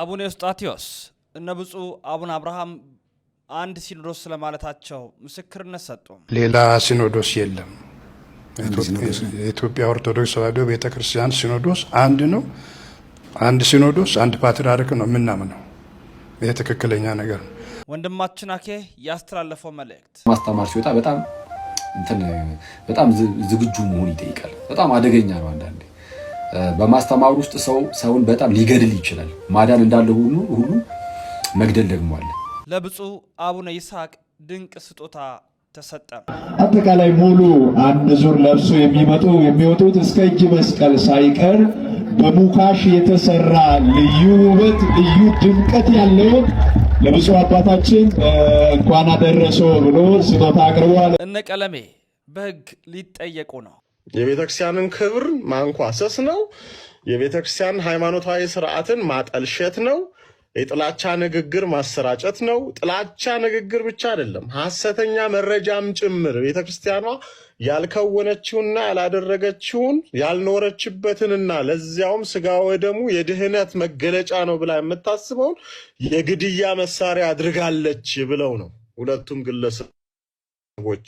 አቡነ ኤዎስጣቴዎስ እነ ብፁዕ አቡነ አብርሃም አንድ ሲኖዶስ ስለማለታቸው ምስክርነት ሰጡ። ሌላ ሲኖዶስ የለም። የኢትዮጵያ ኦርቶዶክስ ተዋሕዶ ቤተ ክርስቲያን ሲኖዶስ አንድ ነው። አንድ ሲኖዶስ፣ አንድ ፓትርያርክ ነው የምናምነው። ይህ ትክክለኛ ነገር ነው። ወንድማችን አኬ ያስተላለፈው መልእክት ማስተማር ሲወጣ በጣም በጣም ዝግጁ መሆን ይጠይቃል። በጣም አደገኛ ነው አንዳንዴ በማስተማር ውስጥ ሰው ሰውን በጣም ሊገድል ይችላል። ማዳን እንዳለ ሁሉ ሁሉ መግደል ደግሞ አለ። ለብፁዕ አቡነ ይስሐቅ ድንቅ ስጦታ ተሰጠ። አጠቃላይ ሙሉ አንድ ዙር ለብሶ የሚመጡ የሚወጡት እስከ እጅ መስቀል ሳይቀር በሙካሽ የተሰራ ልዩ ውበት ልዩ ድምቀት ያለውን ለብፁዕ አባታችን እንኳን አደረሰው ብሎ ስጦታ አቅርቧል። እነ ቀለሜ በህግ ሊጠየቁ ነው። የቤተክርስቲያንን ክብር ማንኳሰስ ነው። የቤተክርስቲያን ሃይማኖታዊ ስርዓትን ማጠልሸት ነው። የጥላቻ ንግግር ማሰራጨት ነው። ጥላቻ ንግግር ብቻ አይደለም፣ ሐሰተኛ መረጃም ጭምር ቤተክርስቲያኗ ያልከወነችውና ያላደረገችውን ያልኖረችበትንና ለዚያውም ስጋ ወደሙ የድህነት መገለጫ ነው ብላ የምታስበውን የግድያ መሳሪያ አድርጋለች ብለው ነው ሁለቱም ግለሰብ ሰዎች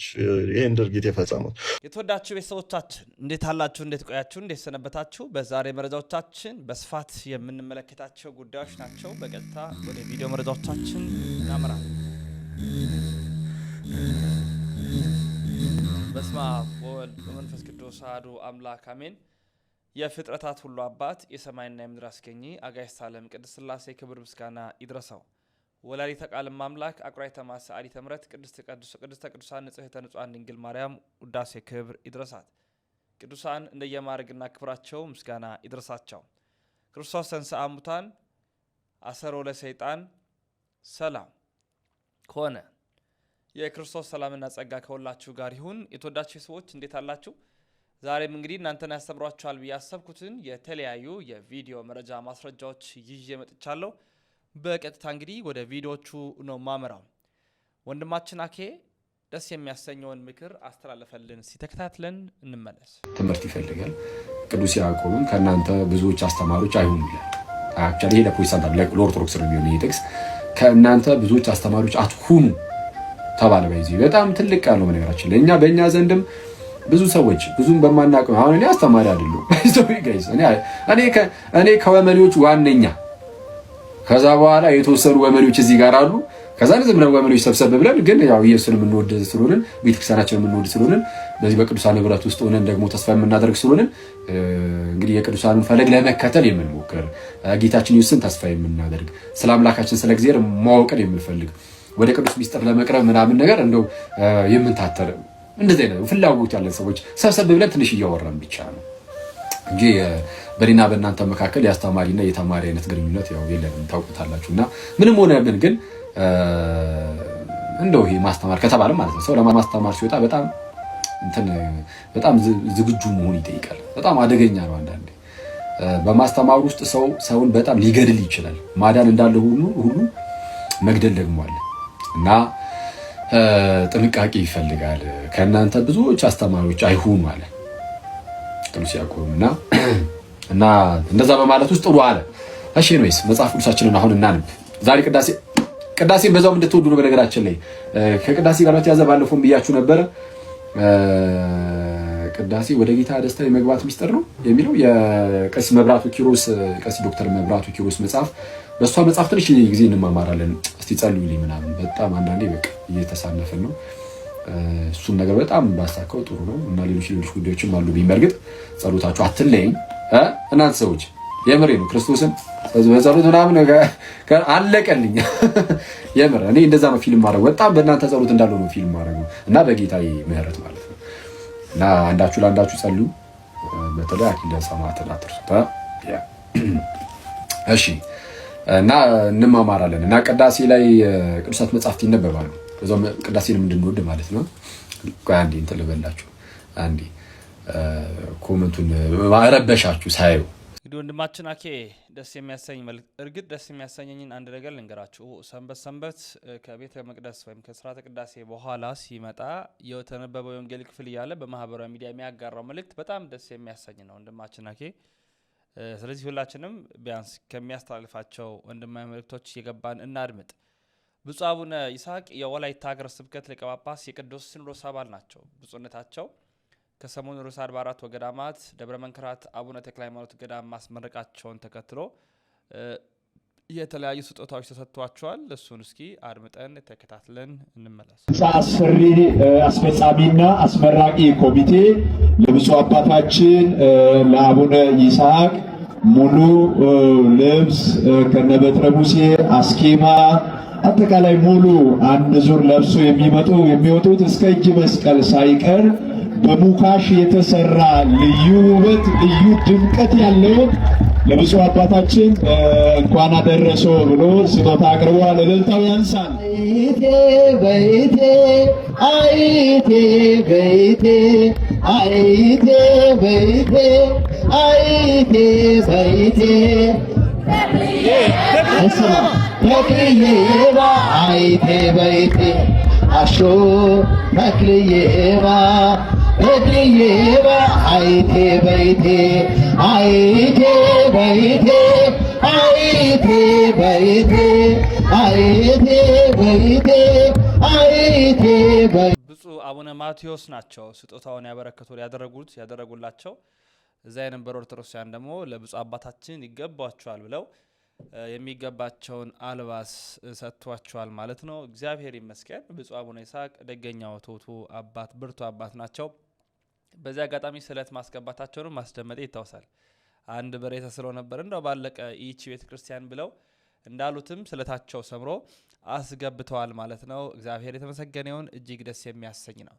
ይህን ድርጊት የፈጸሙት። የተወዳችሁ ቤተሰቦቻችን እንዴት አላችሁ? እንዴት ቆያችሁ? እንዴት ሰነበታችሁ? በዛሬ መረጃዎቻችን በስፋት የምንመለከታቸው ጉዳዮች ናቸው። በቀጥታ ወደ ቪዲዮ መረጃዎቻችን እናመራለን። በስመ አብ ወወልድ በመንፈስ ቅዱስ አሐዱ አምላክ አሜን። የፍጥረታት ሁሉ አባት የሰማይና የምድር አስገኚ አጋዕዝተ ዓለም ቅድስት ሥላሴ ክብር ምስጋና ይድረሰው። ወላዲተ ቃል ማምላክ አቁራይ ተማሳ አዲ ተምረት ቅድስት ቅድስተ ቅዱሳን ንጽህተ ንጹሐን ድንግል ማርያም ውዳሴ ክብር ይድረሳት። ቅዱሳን እንደየማዕረግና ክብራቸው ምስጋና ይድረሳቸው። ክርስቶስ ተንሥአ እሙታን አሰሮ ለሰይጣን ሰላም ሆነ። የክርስቶስ ሰላምና ጸጋ ከሁላችሁ ጋር ይሁን። የተወዳችሁ ሰዎች እንዴት አላችሁ? ዛሬም እንግዲህ እናንተን ያስተምሯችኋል ብዬ ያሰብኩትን የተለያዩ የቪዲዮ መረጃ ማስረጃዎች ይዤ መጥቻለሁ። በቀጥታ እንግዲህ ወደ ቪዲዮቹ ነው ማመራው። ወንድማችን አኬ ደስ የሚያሰኘውን ምክር አስተላለፈልን። ሲተከታትለን እንመለስ። ትምህርት ይፈልጋል። ቅዱስ ያዕቆብም ከእናንተ ብዙዎች አስተማሪዎች አይሆኑ ይላል። አክቹዋሊ ይሄ ለፕሮቴስታንት ለኦርቶዶክስ ነው የሚሆን ይሄ ጥቅስ። ከእናንተ ብዙዎች አስተማሪዎች አትሁኑ ተባለ። በዚህ በጣም ትልቅ ያለው ነው። በነገራችን ለእኛ በእኛ ዘንድም ብዙ ሰዎች ብዙም በማናውቅ አሁን እኔ አስተማሪ አይደለሁም። እኔ ከወመኔዎች ዋነኛ ከዛ በኋላ የተወሰኑ ወመኖች እዚህ ጋር አሉ። ከዛ ዝም ብለን ወመኖች ሰብሰብ ብለን ግን ያው ኢየሱስን የምንወድ ስለሆንን ቤተክርስቲያናችን የምንወድ ስለሆንን በዚህ በቅዱሳን ህብረት ውስጥ ሆነን ደግሞ ተስፋ የምናደርግ ስለሆንን እንግዲህ የቅዱሳኑን ፈለግ ለመከተል የምንሞክር ጌታችን ኢየሱስን ተስፋ የምናደርግ ስለ አምላካችን ስለ እግዚአብሔር ማወቅን የምንፈልግ ወደ ቅዱስ ሚስጥር ለመቅረብ ምናምን ነገር እንደው የምንታተር እንደዚህ አይነት ፍላጎት ያለን ሰዎች ሰብሰብ ብለን ትንሽ እያወራን ብቻ ነው። እንጂ በኔና በእናንተ መካከል የአስተማሪና የተማሪ አይነት ግንኙነት ያው የለንም፣ ታውቁታላችሁ። እና ምንም ሆነ ምን ግን እንደው ይሄ ማስተማር ከተባለ ማለት ነው ሰው ለማስተማር ሲወጣ በጣም በጣም ዝግጁ መሆን ይጠይቃል። በጣም አደገኛ ነው። አንዳንዴ በማስተማር ውስጥ ሰው ሰውን በጣም ሊገድል ይችላል። ማዳን እንዳለ ሁሉ ሁሉ መግደል ደግሞ አለ እና ጥንቃቄ ይፈልጋል። ከእናንተ ብዙዎች አስተማሪዎች አይሁኑ አለን ውስጥም ሲያቆም እና እና እንደዛ በማለት ውስጥ ጥሩ አለ። እሺ ኖይስ መጽሐፍ ቅዱሳችንን አሁን እናንብ። ዛሬ ቅዳሴ ቅዳሴን በዛውም እንድትወዱ ነው። በነገራችን ላይ ከቅዳሴ ጋር በተያዘ ባለፈው ብያችሁ ነበረ። ቅዳሴ ወደ ጌታ ደስታ የመግባት ሚስጥር ነው የሚለው የቀሲስ መብራቱ ኪሮስ ቀሲስ ዶክተር መብራቱ ኪሮስ መጽሐፍ። በእሷ መጽሐፍ ትንሽ ጊዜ እንማማራለን። እስቲ ጸልዩልኝ ምናምን በጣም አንዳንዴ በቃ እየተሳነፍን ነው እሱን ነገር በጣም ባሳካው ጥሩ ነው እና ሌሎች ሌሎች ጉዳዮችም አሉ። ቢመርግጥ ጸሎታችሁ አትለይም እናንተ ሰዎች፣ የምር ነው። ክርስቶስን በጸሎት ምናምን አለቀልኝ። የምር እኔ እንደዛ ነው ፊልም ማድረግ በጣም በእናንተ ጸሎት እንዳለው ነው ፊልም ማድረግ ነው እና በጌታ ምሕረት ማለት ነው እና አንዳችሁ ለአንዳችሁ ጸልዩ። በተለይ አኪለ ሰማዕትን እሺ እና እንማማራለን እና ቅዳሴ ላይ ቅዱሳት መጽሐፍት ይነበባሉ። እዛው ቅዳሴንም እንድንወድ ማለት ነው። አንዴ እንትን ልበላችሁ፣ አንዴ ኮመንቱን ማረበሻችሁ ሳየው እንግዲህ ወንድማችን አኬ ደስ የሚያሰኝ እርግጥ ደስ የሚያሰኘኝን አንድ ነገር ልንገራችሁ። ሰንበት ሰንበት ከቤተ መቅደስ ወይም ከስርዓተ ቅዳሴ በኋላ ሲመጣ የተነበበው የወንጌል ክፍል እያለ በማህበራዊ ሚዲያ የሚያጋራው መልእክት በጣም ደስ የሚያሰኝ ነው ወንድማችን አኬ። ስለዚህ ሁላችንም ቢያንስ ከሚያስተላልፋቸው ወንድማዊ መልእክቶች የገባን እናድምጥ። ብፁዕ አቡነ ይስሐቅ የወላይታ ሀገረ ስብከት ሊቀ ጳጳስ የቅዱስ ሲኖዶስ አባል ናቸው። ብፁነታቸው ከሰሞኑ ርዕሰ አድባራት ወገዳማት ደብረ መንክራት አቡነ ተክለ ሃይማኖት ገዳም ማስመረቃቸውን ተከትሎ የተለያዩ ስጦታዎች ተሰጥቷቸዋል። እሱን እስኪ አድምጠን ተከታትለን እንመለስ። ህንፃ አስፈሪ አስፈጻሚና አስመራቂ ኮሚቴ ለብፁ አባታችን ለአቡነ ይስሐቅ ሙሉ ልብስ ከነበትረ ሙሴ አስኬማ አጠቃላይ ሙሉ አንድ ዙር ለብሶ የሚመጡ የሚወጡት እስከ እጅ መስቀል ሳይቀር በሙካሽ የተሰራ ልዩ ውበት ልዩ ድምቀት ያለውን ለብፁዕ አባታችን እንኳን አደረሶ ብሎ ስጦታ አቅርቧል። እልልታው ያንሳል። በይቴ አይቴ በይቴ አይቴ በይቴ አይቴ በይቴ ሞክልዬ ባይቴ በይቴ አሾ መክልዬ ባ እትዬ በይቴ አይቴ በይቴ አይቴ በይቴ አይቴ በይቴ አይቴ በይቴ ብፁዕ አቡነ ማቴዎስ ናቸው ስጦታውን ያበረከቱ ያደረጉት ያደረጉላቸው እዚያ የነበሩ ኦርቶዶክሳውያን ደግሞ ለብፁዕ አባታችን ይገባቸዋል ብለው የሚገባቸውን አልባስ ሰጥቷቸዋል ማለት ነው። እግዚአብሔር ይመስገን። ብፁዕ አቡነ ይስሐቅ ደገኛው ቶቱ አባት ብርቱ አባት ናቸው። በዚህ አጋጣሚ ስዕለት ማስገባታቸውን ማስደመጤ ይታወሳል። አንድ በሬ ተስሎ ነበር እንደው ባለቀ ይቺ ቤተ ክርስቲያን ብለው እንዳሉትም ስለታቸው ሰምሮ አስገብተዋል ማለት ነው። እግዚአብሔር የተመሰገነውን እጅግ ደስ የሚያሰኝ ነው።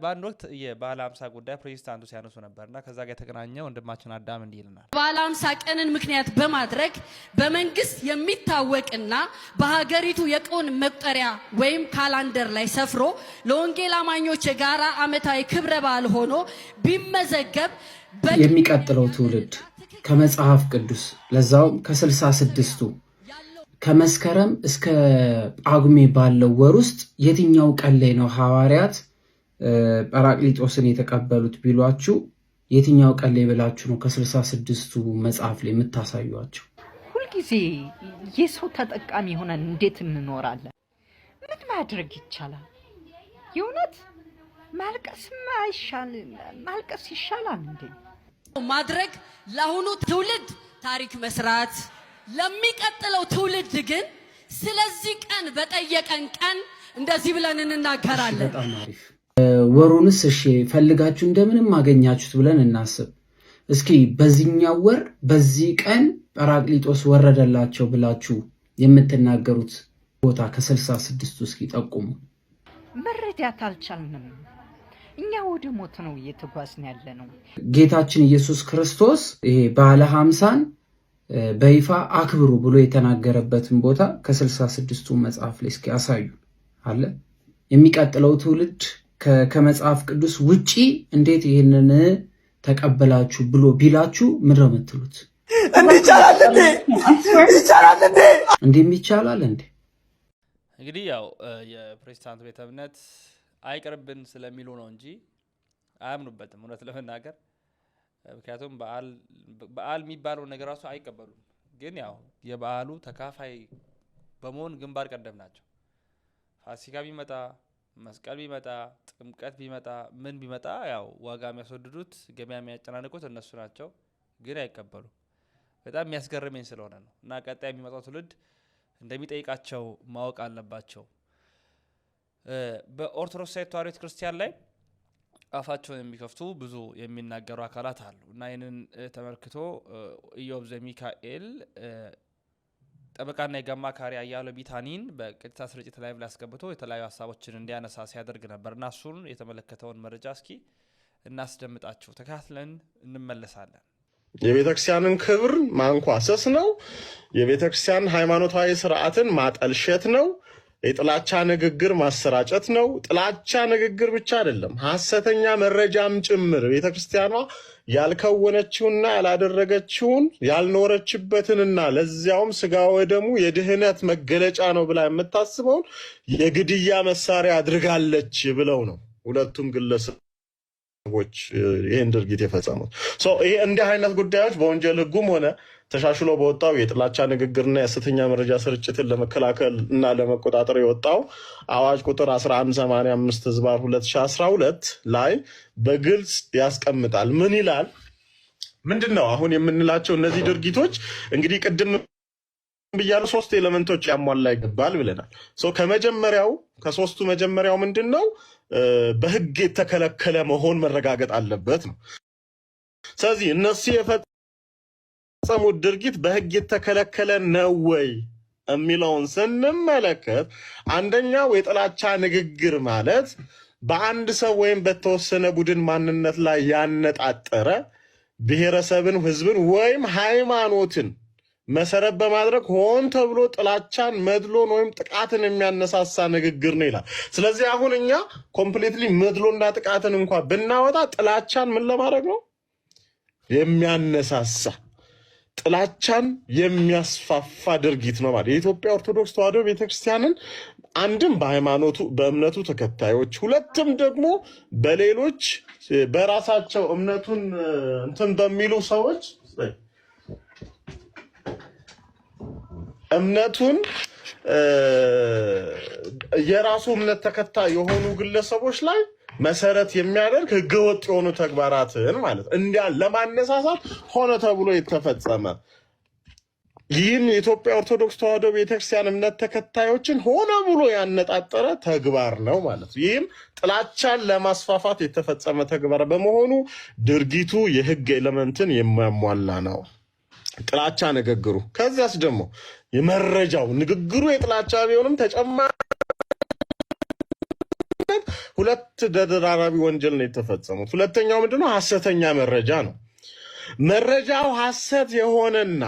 በአንድ ወቅት የባለ አምሳ ጉዳይ ፕሮቴስታንቱ ሲያነሱ ነበርና ከዛ ጋር የተገናኘ ወንድማችን አዳም እንዲህ ይልናል። ባለ አምሳ ቀንን ምክንያት በማድረግ በመንግስት የሚታወቅና በሀገሪቱ የቀን መቁጠሪያ ወይም ካላንደር ላይ ሰፍሮ ለወንጌል አማኞች የጋራ አመታዊ ክብረ በዓል ሆኖ ቢመዘገብ የሚቀጥለው ትውልድ ከመጽሐፍ ቅዱስ ለዛውም ከስልሳ ስድስቱ ከመስከረም እስከ ጳጉሜ ባለው ወር ውስጥ የትኛው ቀን ላይ ነው ሐዋርያት ጰራቅሊጦስን የተቀበሉት ቢሏችሁ የትኛው ቀን ላይ ብላችሁ ነው ከስልሳ ስድስቱ መጽሐፍ ላይ የምታሳዩቸው? ሁልጊዜ የሰው ተጠቃሚ ሆነን እንዴት እንኖራለን? ምን ማድረግ ይቻላል? የእውነት ማልቀስ ማልቀስ ይሻላል እንዴ? ማድረግ ለአሁኑ ትውልድ ታሪክ መስራት ለሚቀጥለው ትውልድ ግን ስለዚህ ቀን በጠየቀን ቀን እንደዚህ ብለን እንናገራለን። በጣም አሪፍ ወሩንስ እሺ ፈልጋችሁ እንደምንም አገኛችሁት ብለን እናስብ። እስኪ በዚህኛው ወር በዚህ ቀን ጰራቅሊጦስ ወረደላቸው ብላችሁ የምትናገሩት ቦታ ከስልሳ ስድስቱ እስኪ ጠቁሙ። መረዳት አልቻልንም። እኛ ወደ ሞት ነው እየተጓዝን ያለ ነው። ጌታችን ኢየሱስ ክርስቶስ ይሄ ባለ ሀምሳን በይፋ አክብሩ ብሎ የተናገረበትን ቦታ ከስልሳ ስድስቱ መጽሐፍ ላይ እስኪ አሳዩ አለ። የሚቀጥለው ትውልድ ከመጽሐፍ ቅዱስ ውጪ እንዴት ይህንን ተቀበላችሁ ብሎ ቢላችሁ ምን ረመትሉት? የምትሉት? እንዲህ ይቻላል እንዴ? እንግዲህ ያው የፕሬዚዳንት ቤተ እምነት አይቅርብን ስለሚሉ ነው እንጂ አያምኑበትም፣ እውነት ለመናገር ምክንያቱም በዓል የሚባለው ነገር ራሱ አይቀበሉም። ግን ያው የበዓሉ ተካፋይ በመሆን ግንባር ቀደም ናቸው። ፋሲካ ቢመጣ መስቀል ቢመጣ ጥምቀት ቢመጣ ምን ቢመጣ ያው ዋጋ የሚያስወድዱት ገበያ የሚያጨናንቁት እነሱ ናቸው፣ ግን አይቀበሉ። በጣም የሚያስገርመኝ ስለሆነ ነው እና ቀጣይ የሚመጣው ትውልድ እንደሚጠይቃቸው ማወቅ አለባቸው። በኦርቶዶክስ ተዋሕዶ ቤተ ክርስቲያን ላይ አፋቸውን የሚከፍቱ ብዙ የሚናገሩ አካላት አሉ እና ይህንን ተመልክቶ ኢዮብ ዘሚካኤል ጠበቃና የጋማ አማካሪ አያሌው ቢታኒን በቀጥታ ስርጭት ላይ ላስገብቶ የተለያዩ ሀሳቦችን እንዲያነሳ ሲያደርግ ነበር እና እሱን የተመለከተውን መረጃ እስኪ እናስደምጣችሁ፣ ተከታትለን እንመለሳለን። የቤተክርስቲያንን ክብር ማንኳሰስ ነው። የቤተክርስቲያን ሃይማኖታዊ ስርዓትን ማጠልሸት ነው። የጥላቻ ንግግር ማሰራጨት ነው። ጥላቻ ንግግር ብቻ አይደለም፣ ሐሰተኛ መረጃም ጭምር ቤተክርስቲያኗ ያልከወነችውና ያላደረገችውን ያልኖረችበትንና ለዚያውም ስጋ ወደሙ የድህነት መገለጫ ነው ብላ የምታስበውን የግድያ መሳሪያ አድርጋለች ብለው ነው ሁለቱም ግለሰብ ሰዎች ይህን ድርጊት የፈጸሙት ይሄ እንዲህ አይነት ጉዳዮች በወንጀል ህጉም ሆነ ተሻሽሎ በወጣው የጥላቻ ንግግርና የሐሰተኛ መረጃ ስርጭትን ለመከላከል እና ለመቆጣጠር የወጣው አዋጅ ቁጥር 1185 ህዝባር 2012 ላይ በግልጽ ያስቀምጣል። ምን ይላል? ምንድን ነው አሁን የምንላቸው እነዚህ ድርጊቶች እንግዲህ ቅድም ብያሉ ሶስት ኤሌመንቶች ያሟላ ይገባል ብለናል። ከመጀመሪያው ከሶስቱ መጀመሪያው ምንድን ነው? በህግ የተከለከለ መሆን መረጋገጥ አለበት ነው። ስለዚህ እነሱ የፈጸሙት ድርጊት በህግ የተከለከለ ነው ወይ የሚለውን ስንመለከት አንደኛው የጥላቻ ንግግር ማለት በአንድ ሰው ወይም በተወሰነ ቡድን ማንነት ላይ ያነጣጠረ ብሔረሰብን፣ ህዝብን ወይም ሃይማኖትን መሰረት በማድረግ ሆን ተብሎ ጥላቻን፣ መድሎን ወይም ጥቃትን የሚያነሳሳ ንግግር ነው ይላል። ስለዚህ አሁን እኛ ኮምፕሊትሊ መድሎና ጥቃትን እንኳ ብናወጣ ጥላቻን ምን ለማድረግ ነው የሚያነሳሳ ጥላቻን የሚያስፋፋ ድርጊት ነው ማለት የኢትዮጵያ ኦርቶዶክስ ተዋሕዶ ቤተክርስቲያንን አንድም በሃይማኖቱ በእምነቱ ተከታዮች ሁለትም ደግሞ በሌሎች በራሳቸው እምነቱን እንትን በሚሉ ሰዎች እምነቱን የራሱ እምነት ተከታይ የሆኑ ግለሰቦች ላይ መሰረት የሚያደርግ ህገወጥ የሆኑ ተግባራትን ማለት እንዲያ ለማነሳሳት ሆነ ተብሎ የተፈጸመ ይህን የኢትዮጵያ ኦርቶዶክስ ተዋህዶ ቤተክርስቲያን እምነት ተከታዮችን ሆነ ብሎ ያነጣጠረ ተግባር ነው ማለት ነው። ይህም ጥላቻን ለማስፋፋት የተፈጸመ ተግባር በመሆኑ ድርጊቱ የህግ ኤለመንትን የሚያሟላ ነው። ጥላቻ ንግግሩ። ከዚያስ ደግሞ የመረጃው ንግግሩ የጥላቻ ቢሆንም ተጨማሪ ሁለት ተደራራቢ ወንጀል ነው የተፈጸሙት። ሁለተኛው ምንድነው? ሀሰተኛ መረጃ ነው። መረጃው ሀሰት የሆነና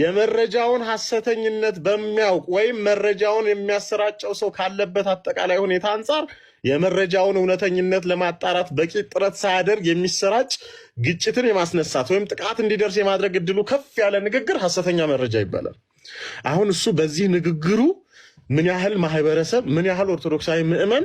የመረጃውን ሀሰተኝነት በሚያውቅ ወይም መረጃውን የሚያሰራጨው ሰው ካለበት አጠቃላይ ሁኔታ አንጻር የመረጃውን እውነተኝነት ለማጣራት በቂ ጥረት ሳያደርግ የሚሰራጭ ግጭትን የማስነሳት ወይም ጥቃት እንዲደርስ የማድረግ እድሉ ከፍ ያለ ንግግር ሀሰተኛ መረጃ ይባላል። አሁን እሱ በዚህ ንግግሩ ምን ያህል ማህበረሰብ ምን ያህል ኦርቶዶክሳዊ ምዕመን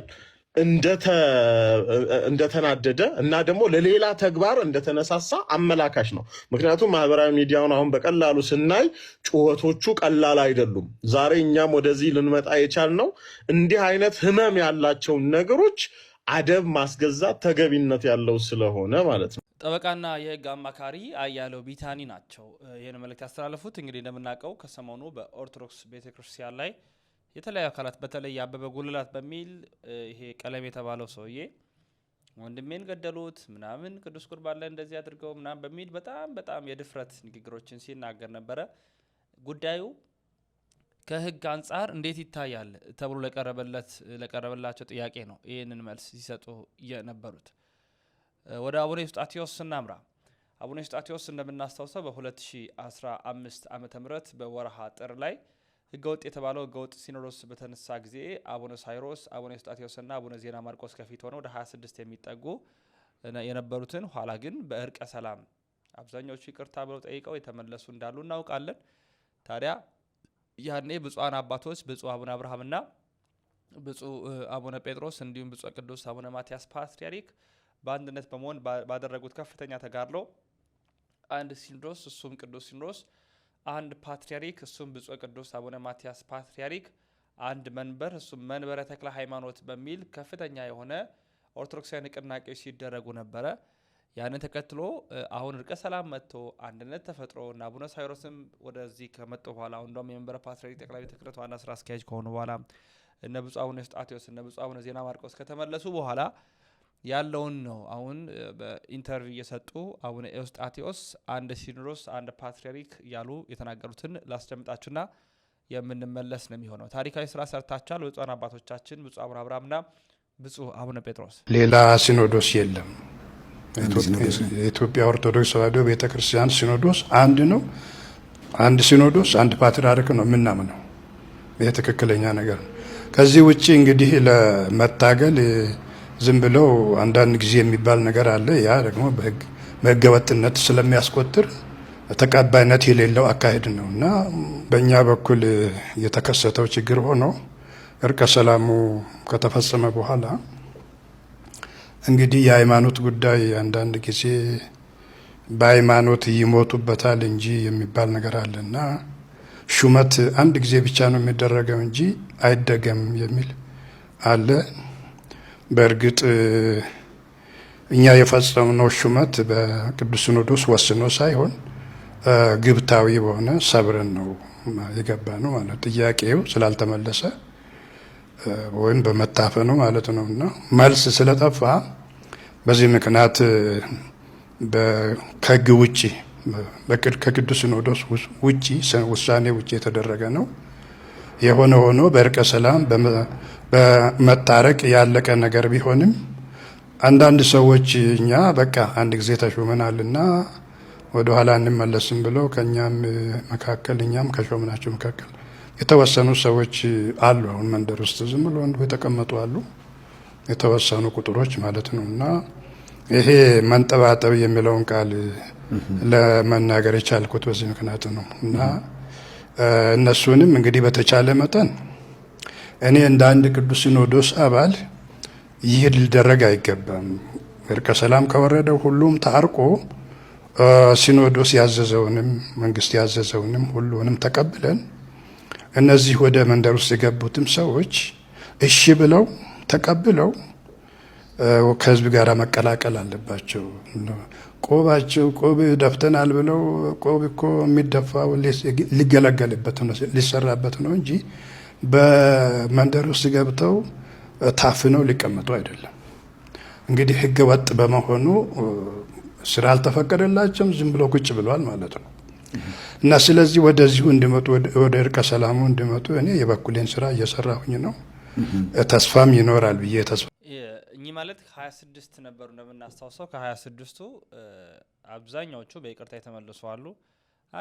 እንደተናደደ እና ደግሞ ለሌላ ተግባር እንደተነሳሳ አመላካች ነው። ምክንያቱም ማህበራዊ ሚዲያውን አሁን በቀላሉ ስናይ ጩኸቶቹ ቀላል አይደሉም። ዛሬ እኛም ወደዚህ ልንመጣ የቻልነው እንዲህ አይነት ህመም ያላቸውን ነገሮች አደብ ማስገዛት ተገቢነት ያለው ስለሆነ ማለት ነው። ጠበቃና የህግ አማካሪ አያለው ቢታኒ ናቸው ይህን መልእክት ያስተላለፉት። እንግዲህ እንደምናውቀው ከሰሞኑ በኦርቶዶክስ ቤተክርስቲያን ላይ የተለያዩ አካላት በተለይ አበበ ጉልላት በሚል ይሄ ቀለም የተባለው ሰውዬ ወንድሜን ገደሉት ምናምን ቅዱስ ቁርባን ላይ እንደዚህ አድርገው ምናምን በሚል በጣም በጣም የድፍረት ንግግሮችን ሲናገር ነበረ። ጉዳዩ ከህግ አንጻር እንዴት ይታያል ተብሎ ለቀረበላቸው ጥያቄ ነው ይህንን መልስ ሲሰጡ የነበሩት። ወደ አቡነ ዩስጣቴዎስ ስናምራ አቡነ ዩስጣቴዎስ እንደምናስታውሰው በ2015 ዓ ም በወረሃ ጥር ላይ ህገወጥ የተባለው ህገወጥ ሲኖዶስ በተነሳ ጊዜ አቡነ ሳይሮስ፣ አቡነ ስጣቴዎስና አቡነ ዜና ማርቆስ ከፊት ሆነው ወደ 26 የሚጠጉ የነበሩትን ኋላ ግን በእርቀ ሰላም አብዛኛዎቹ ይቅርታ ብለው ጠይቀው የተመለሱ እንዳሉ እናውቃለን። ታዲያ ያኔ ብፁዓን አባቶች ብፁዕ አቡነ አብርሃምና ብፁዕ አቡነ ጴጥሮስ እንዲሁም ብፁዕ ቅዱስ አቡነ ማትያስ ፓትርያርክ በአንድነት በመሆን ባደረጉት ከፍተኛ ተጋድሎ አንድ ሲኖዶስ እሱም ቅዱስ ሲኖዶስ አንድ ፓትርያርክ እሱም ብፁዕ ቅዱስ አቡነ ማትያስ ፓትርያርክ፣ አንድ መንበር እሱም መንበረ ተክለ ሃይማኖት በሚል ከፍተኛ የሆነ ኦርቶዶክሳዊ ንቅናቄዎች ሲደረጉ ነበረ። ያንን ተከትሎ አሁን እርቀ ሰላም መጥቶ አንድነት ተፈጥሮ እና አቡነ ሳይሮስም ወደዚህ ከመጡ በኋላ አሁን እንደውም የመንበረ ፓትርያርክ ጠቅላይ ቤተ ክህነት ዋና ስራ አስኪያጅ ከሆኑ በኋላ እነ ብፁዕ አቡነ ስጣቴዎስ እነ ብፁዕ አቡነ ዜና ማርቆስ ከተመለሱ በኋላ ያለውን ነው። አሁን በኢንተርቪው እየሰጡ አቡነ ኤውስጣቴዎስ አንድ ሲኖዶስ አንድ ፓትርያርክ እያሉ የተናገሩትን ላስደምጣችሁና የምንመለስ ነው የሚሆነው። ታሪካዊ ስራ ሰርታችኋል ብፁዓን አባቶቻችን ብፁዕ አቡነ አብርሃምና ብፁዕ አቡነ ጴጥሮስ። ሌላ ሲኖዶስ የለም። የኢትዮጵያ ኦርቶዶክስ ተዋሕዶ ቤተክርስቲያን ሲኖዶስ አንድ ነው። አንድ ሲኖዶስ አንድ ፓትርያርክ ነው የምናምነው። ይህ ትክክለኛ ነገር ነው። ከዚህ ውጭ እንግዲህ ለመታገል ዝም ብለው አንዳንድ ጊዜ የሚባል ነገር አለ። ያ ደግሞ በህገ ወጥነት ስለሚያስቆጥር ተቀባይነት የሌለው አካሄድ ነው እና በእኛ በኩል የተከሰተው ችግር ሆኖ እርቀ ሰላሙ ከተፈጸመ በኋላ እንግዲህ የሃይማኖት ጉዳይ አንዳንድ ጊዜ በሃይማኖት ይሞቱበታል እንጂ የሚባል ነገር አለ እና ሹመት አንድ ጊዜ ብቻ ነው የሚደረገው እንጂ አይደገም የሚል አለ። በእርግጥ እኛ የፈጸምነው ሹመት በቅዱስ ሲኖዶስ ወስኖ ሳይሆን ግብታዊ በሆነ ሰብረን ነው የገባ ነው ማለት ጥያቄው ስላልተመለሰ ወይም በመታፈኑ ማለት ነው እና መልስ ስለጠፋ በዚህ ምክንያት ከህግ ውጭ ከቅዱስ ሲኖዶስ ውጭ ውሳኔ ውጭ የተደረገ ነው። የሆነ ሆኖ በእርቀ ሰላም በመታረቅ ያለቀ ነገር ቢሆንም አንዳንድ ሰዎች እኛ በቃ አንድ ጊዜ ተሾመናልና ወደኋላ እንመለስም ብለው ከእኛም መካከል እኛም ከሾምናቸው መካከል የተወሰኑ ሰዎች አሉ። አሁን መንደር ውስጥ ዝም ብሎ እንዲሁ የተቀመጡ አሉ፣ የተወሰኑ ቁጥሮች ማለት ነው። እና ይሄ መንጠባጠብ የሚለውን ቃል ለመናገር የቻልኩት በዚህ ምክንያት ነው እና እነሱንም እንግዲህ በተቻለ መጠን እኔ እንደ አንድ ቅዱስ ሲኖዶስ አባል ይህ ሊደረግ አይገባም። እርቀ ሰላም ከወረደ ሁሉም ታርቆ ሲኖዶስ ያዘዘውንም መንግስት ያዘዘውንም ሁሉንም ተቀብለን እነዚህ ወደ መንደር ውስጥ የገቡትም ሰዎች እሺ ብለው ተቀብለው ከህዝብ ጋር መቀላቀል አለባቸው። ቆባቸው ቆብ ደፍተናል ብለው ቆብ እኮ የሚደፋው ሊገለገልበት ነው ሊሰራበት ነው እንጂ በመንደር ውስጥ ገብተው ታፍነው ሊቀመጡ አይደለም። እንግዲህ ሕገ ወጥ በመሆኑ ስራ አልተፈቀደላቸውም። ዝም ብሎ ቁጭ ብሏል ማለት ነው። እና ስለዚህ ወደዚሁ እንዲመጡ ወደ እርቀ ሰላሙ እንዲመጡ እኔ የበኩሌን ስራ እየሰራሁኝ ነው። ተስፋም ይኖራል ብዬ ተስፋ ማለት ስድስት ነበሩ እንደምናስታውሰው ከሀያ ስድስቱ አብዛኛዎቹ በይቅርታ የተመለሱ አሉ።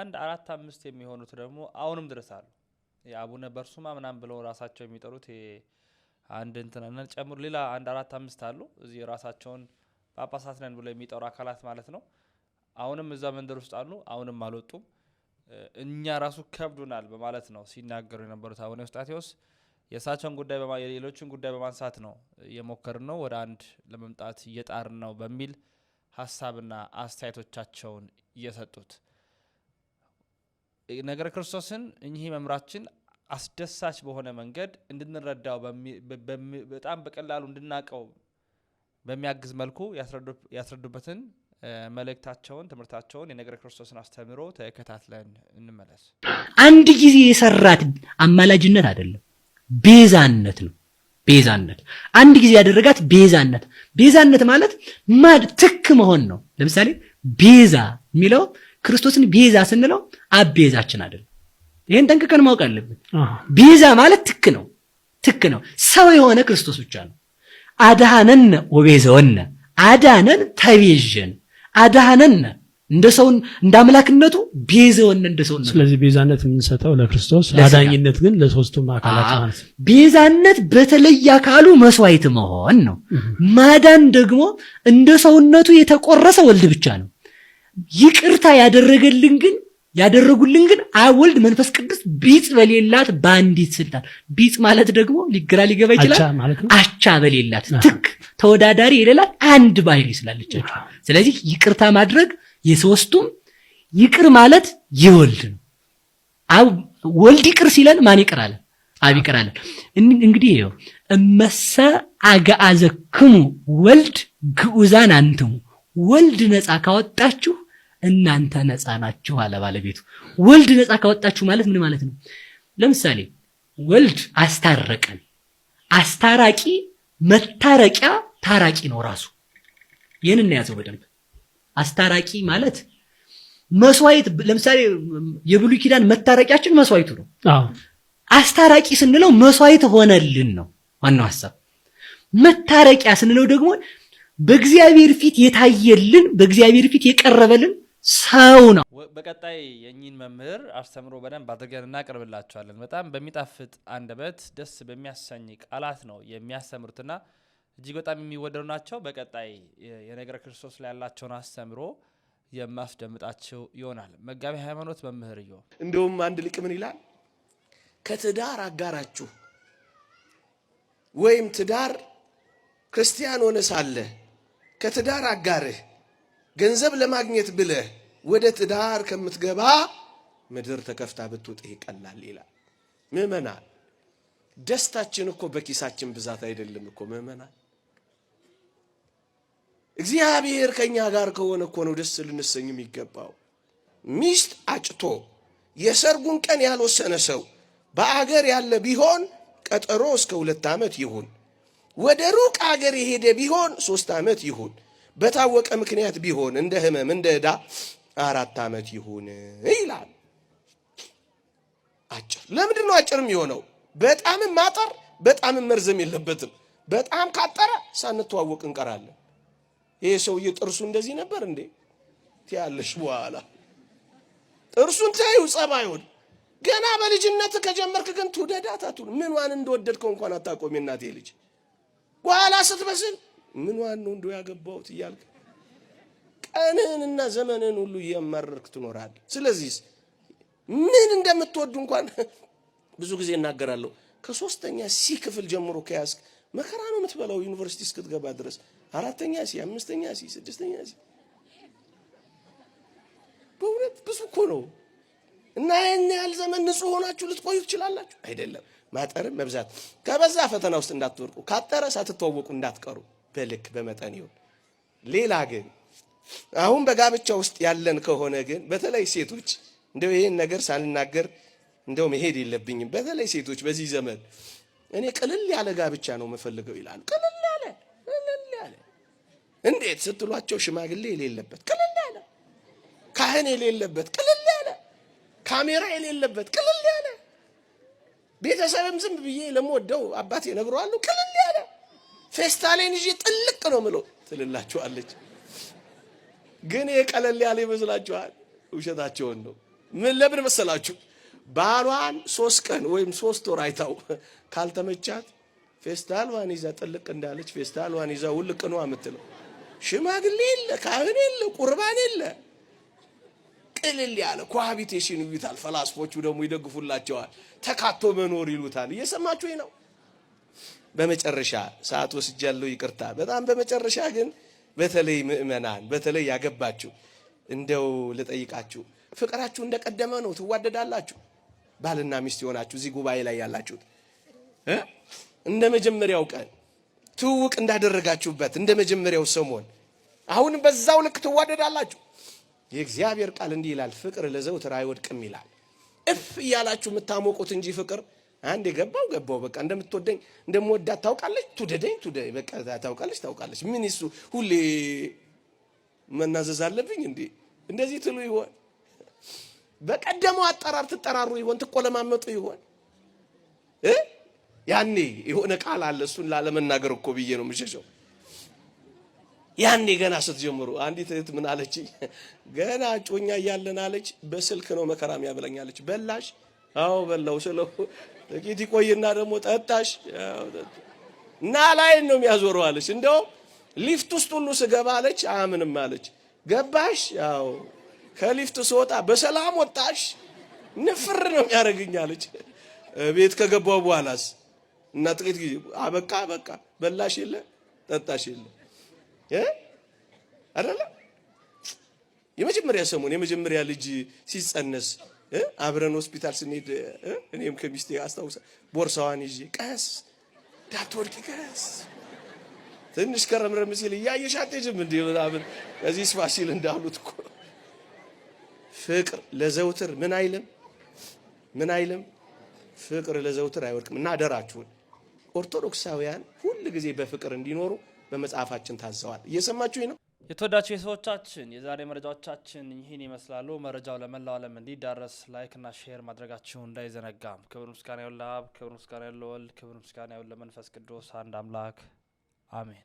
አንድ አራት አምስት የሚሆኑት ደግሞ አሁንም ድረስ አሉ። የአቡነ በርሱማ ምናም ብለው ራሳቸው የሚጠሩት አንድ እንትናነን ጨምሩ ሌላ አንድ አራት አምስት አሉ። እዚህ ራሳቸውን ጳጳሳት ነን ብለው የሚጠሩ አካላት ማለት ነው። አሁንም እዛ መንደር ውስጥ አሉ። አሁንም አልወጡም። እኛ ራሱ ከብዱናል በማለት ነው ሲናገሩ የነበሩት አቡነ ውስጣቴዎስ የእሳቸውን ጉዳይ የሌሎችን ጉዳይ በማንሳት ነው የሞከር ነው ወደ አንድ ለመምጣት እየጣርን ነው በሚል ሀሳብና አስተያየቶቻቸውን እየሰጡት ነገረ ክርስቶስን እኚህ መምራችን አስደሳች በሆነ መንገድ እንድንረዳው በጣም በቀላሉ እንድናቀው በሚያግዝ መልኩ ያስረዱበትን መልእክታቸውን፣ ትምህርታቸውን፣ የነገረ ክርስቶስን አስተምሮ ተከታትለን እንመለስ። አንድ ጊዜ የሰራት አማላጅነት አይደለም። ቤዛነት ነው። ቤዛነት አንድ ጊዜ ያደረጋት ቤዛነት። ቤዛነት ማለት ማድ ትክ መሆን ነው። ለምሳሌ ቤዛ የሚለው ክርስቶስን ቤዛ ስንለው አቤዛችን አይደለም። ይህን ጠንቅቀን ማወቅ አለብን። ቤዛ ማለት ትክ ነው፣ ትክ ነው። ሰው የሆነ ክርስቶስ ብቻ ነው። አድሃነን ወቤዘወነ አዳነን ተቤዥን አድሃነን እንደ ሰውን እንደ አምላክነቱ ቤዛ እንደ ሰው ስለዚህ ቤዛነት የምንሰጠው ለክርስቶስ አዳኝነት ግን ለሶስቱም አካላት ማለት ነው። ቤዛነት በተለየ አካሉ መስዋዕት መሆን ነው። ማዳን ደግሞ እንደ ሰውነቱ የተቆረሰ ወልድ ብቻ ነው። ይቅርታ ያደረገልን ግን ያደረጉልን ግን አብ መንፈስ ቅዱስ ቢጽ በሌላት በአንዲት ስልጣን ቢጽ ማለት ደግሞ ሊግራ ሊገባ ይችላል። አቻ በሌላት ትክ ተወዳዳሪ የሌላት አንድ ባህሪ ስላለቻቸው ስለዚህ ይቅርታ ማድረግ የሶስቱም ይቅር ማለት የወልድ ነው። ወልድ ይቅር ሲለን ማን ይቅር አለ? አብ ይቅር አለ። እንግዲህ ይኸው እመሰ አግዓዘክሙ ወልድ ግዑዛን አንትሙ፣ ወልድ ነፃ ካወጣችሁ እናንተ ነፃ ናችሁ አለ ባለቤቱ። ወልድ ነፃ ካወጣችሁ ማለት ምን ማለት ነው? ለምሳሌ ወልድ አስታረቀን። አስታራቂ መታረቂያ ታራቂ ነው ራሱ። ይህን እናያዘው በደንብ አስታራቂ ማለት መስዋዕት፣ ለምሳሌ የብሉይ ኪዳን መታረቂያችን መስዋዕቱ ነው። አስታራቂ ስንለው መስዋዕት ሆነልን ነው ዋናው ሀሳብ። መታረቂያ ስንለው ደግሞ በእግዚአብሔር ፊት የታየልን በእግዚአብሔር ፊት የቀረበልን ሰው ነው። በቀጣይ የእኚህን መምህር አስተምሮ በደንብ አድርገን እናቀርብላቸዋለን። በጣም በሚጣፍጥ አንደበት ደስ በሚያሰኝ ቃላት ነው የሚያስተምሩትና እጅግ በጣም የሚወደዱ ናቸው። በቀጣይ የነገረ ክርስቶስ ላይ ያላቸውን አስተምሮ የማስደምጣቸው ይሆናል። መጋቢ ሃይማኖት መምህር ዮ እንዲሁም አንድ ሊቅ ምን ይላል? ከትዳር አጋራችሁ ወይም ትዳር ክርስቲያን ሆነ ሳለ ከትዳር አጋርህ ገንዘብ ለማግኘት ብለህ ወደ ትዳር ከምትገባ ምድር ተከፍታ ብትውጥህ ይቀላል ይላል። ምእመናን ደስታችን እኮ በኪሳችን ብዛት አይደለም እኮ ምእመናን እግዚአብሔር ከእኛ ጋር ከሆነ እኮ ነው ደስ ልንሰኝ የሚገባው። ሚስት አጭቶ የሰርጉን ቀን ያልወሰነ ሰው በአገር ያለ ቢሆን ቀጠሮ እስከ ሁለት ዓመት ይሁን። ወደ ሩቅ አገር የሄደ ቢሆን ሶስት ዓመት ይሁን። በታወቀ ምክንያት ቢሆን እንደ ህመም እንደ ዕዳ አራት ዓመት ይሁን ይላል። አጭር ለምንድን ነው አጭር የሚሆነው? በጣምም ማጠር በጣምም መርዘም የለበትም። በጣም ካጠረ ሳንተዋወቅ እንቀራለን። ይሄ ሰውዬ ጥርሱ እንደዚህ ነበር እንዴ ትያለሽ። በኋላ ጥርሱን ታዩ ጸባዩን። ገና በልጅነት ከጀመርክ ግን ትውደዳት አትሉ። ምኗን እንደወደድከው እንኳን አታቆሚ። እናቴ ልጅ በኋላ ስትበስል ምንዋን ነው እንዶ ያገባሁት እያልክ ቀንህንና ዘመንህን ሁሉ እየመረርክ ትኖራል። ስለዚህ ምን እንደምትወዱ እንኳን ብዙ ጊዜ እናገራለሁ። ከሶስተኛ ሲ ክፍል ጀምሮ ከያዝክ መከራ ነው የምትበላው ዩኒቨርሲቲ እስክትገባ ድረስ አራተኛ ሲ አምስተኛ ሲ ስድስተኛ ሲ በእውነት ብዙ እኮ ነው። እና ይህን ያህል ዘመን ንጹህ ሆናችሁ ልትቆዩ ትችላላችሁ? አይደለም። ማጠርም መብዛት ከበዛ ፈተና ውስጥ እንዳትወርቁ፣ ካጠረ ሳትተዋወቁ እንዳትቀሩ። በልክ በመጠን ይሁን። ሌላ ግን አሁን በጋብቻ ውስጥ ያለን ከሆነ ግን በተለይ ሴቶች እንደው ይህን ነገር ሳልናገር እንደው መሄድ የለብኝም። በተለይ ሴቶች በዚህ ዘመን እኔ ቅልል ያለ ጋብቻ ነው የምፈልገው ይላሉ። እንዴት ስትሏቸው ሽማግሌ የሌለበት ቅልል ያለ፣ ካህን የሌለበት ቅልል ያለ፣ ካሜራ የሌለበት ቅልል ያለ፣ ቤተሰብም ዝም ብዬ ለምወደው አባቴ እነግረዋለሁ ቅልል ያለ ፌስታሌን ይዤ ጥልቅ ነው ምለው ትልላችኋለች። ግን ይሄ ቀለል ያለ ይመስላችኋል? ውሸታቸውን ነው። ምን ለምን መሰላችሁ? ባሏን ሶስት ቀን ወይም ሶስት ወር አይታው ካልተመቻት ፌስታልዋን ይዛ ጥልቅ እንዳለች ፌስታልዋን ይዛ ውልቅ ነው የምትለው። ሽማግሌ የለ፣ ካህን የለ፣ ቁርባን የለ። ቅልል ያለ ኮሃቢቴሽን ይሉታል። ፈላስፎቹ ደግሞ ይደግፉላቸዋል። ተካቶ መኖር ይሉታል። እየሰማችሁ ነው። በመጨረሻ ሰዓት ወስጃለሁ፣ ይቅርታ በጣም በመጨረሻ ግን በተለይ ምእመናን፣ በተለይ ያገባችሁ እንደው ልጠይቃችሁ፣ ፍቅራችሁ እንደቀደመ ነው? ትዋደዳላችሁ? ባልና ሚስት የሆናችሁ እዚህ ጉባኤ ላይ ያላችሁት እንደ መጀመሪያው ቀን ትውውቅ እንዳደረጋችሁበት እንደ መጀመሪያው ሰሞን አሁን በዛው ልክ ትዋደዳላችሁ። የእግዚአብሔር ቃል እንዲህ ይላል፣ ፍቅር ለዘውትር አይወድቅም ይላል። እፍ እያላችሁ የምታሞቁት እንጂ ፍቅር አንድ የገባው ገባው በቃ እንደምትወደኝ እንደምወዳ ታውቃለች። ቱደደኝ ትውደ በቃ ታውቃለች ታውቃለች። ምን እሱ ሁሌ መናዘዝ አለብኝ እንዴ? እንደዚህ ትሉ ይሆን? በቀደመው አጠራር ትጠራሩ ይሆን? ትቆለማመጡ ይሆን? ያኔ የሆነ ቃል አለ። እሱን ላለመናገር እኮ ብዬ ነው የምሸሸው። ያኔ ገና ስትጀምሩ አንዲት እህት ምን አለች? ገና ጮኛ እያለን አለች በስልክ ነው መከራም ያበላኛለች። በላሽ? አዎ በላው ስለው ጥቂት ይቆይና ደግሞ ጠጣሽ? እና ላይን ነው የሚያዞረው አለች። እንደው ሊፍት ውስጥ ሁሉ ስገባ አለች አምንም አለች። ገባሽ? አዎ ከሊፍት ስወጣ በሰላም ወጣሽ? ንፍር ነው የሚያደርግኝ አለች። ቤት ከገባው በኋላስ እና ጥቂት ጊዜ አበቃ አበቃ በላሽ የለ ጠጣሽ የለ አይደለ? የመጀመሪያ ሰሞን የመጀመሪያ ልጅ ሲጸነስ አብረን ሆስፒታል ስንሄድ እኔም ከሚስቴ አስታውሳ ቦርሳዋን ይዤ ቀስ እንዳትወድቂ ቀስ ትንሽ ከረምረም ሲል እያየሽ አትሄጂም እንደ ምናምን እዚህ ስፋ ሲል እንዳሉት እኮ ፍቅር ለዘውትር ምን አይልም ምን አይልም ፍቅር ለዘውትር አይወድቅም እና አደራችሁን ኦርቶዶክሳውያን ሁል ጊዜ በፍቅር እንዲኖሩ በመጽሐፋችን ታዘዋል። እየሰማችሁ ነው። የተወዳችሁ የሰዎቻችን የዛሬ መረጃዎቻችን ይህን ይመስላሉ። መረጃው ለመላው ዓለም እንዲዳረስ ላይክ እና ሼር ማድረጋችሁ እንዳይዘነጋም። ክብር ምስጋና ይሁን ለአብ፣ ክብር ምስጋና ይሁን ለወልድ፣ ክብር ምስጋና ይሁን ለመንፈስ ቅዱስ አንድ አምላክ አሜን።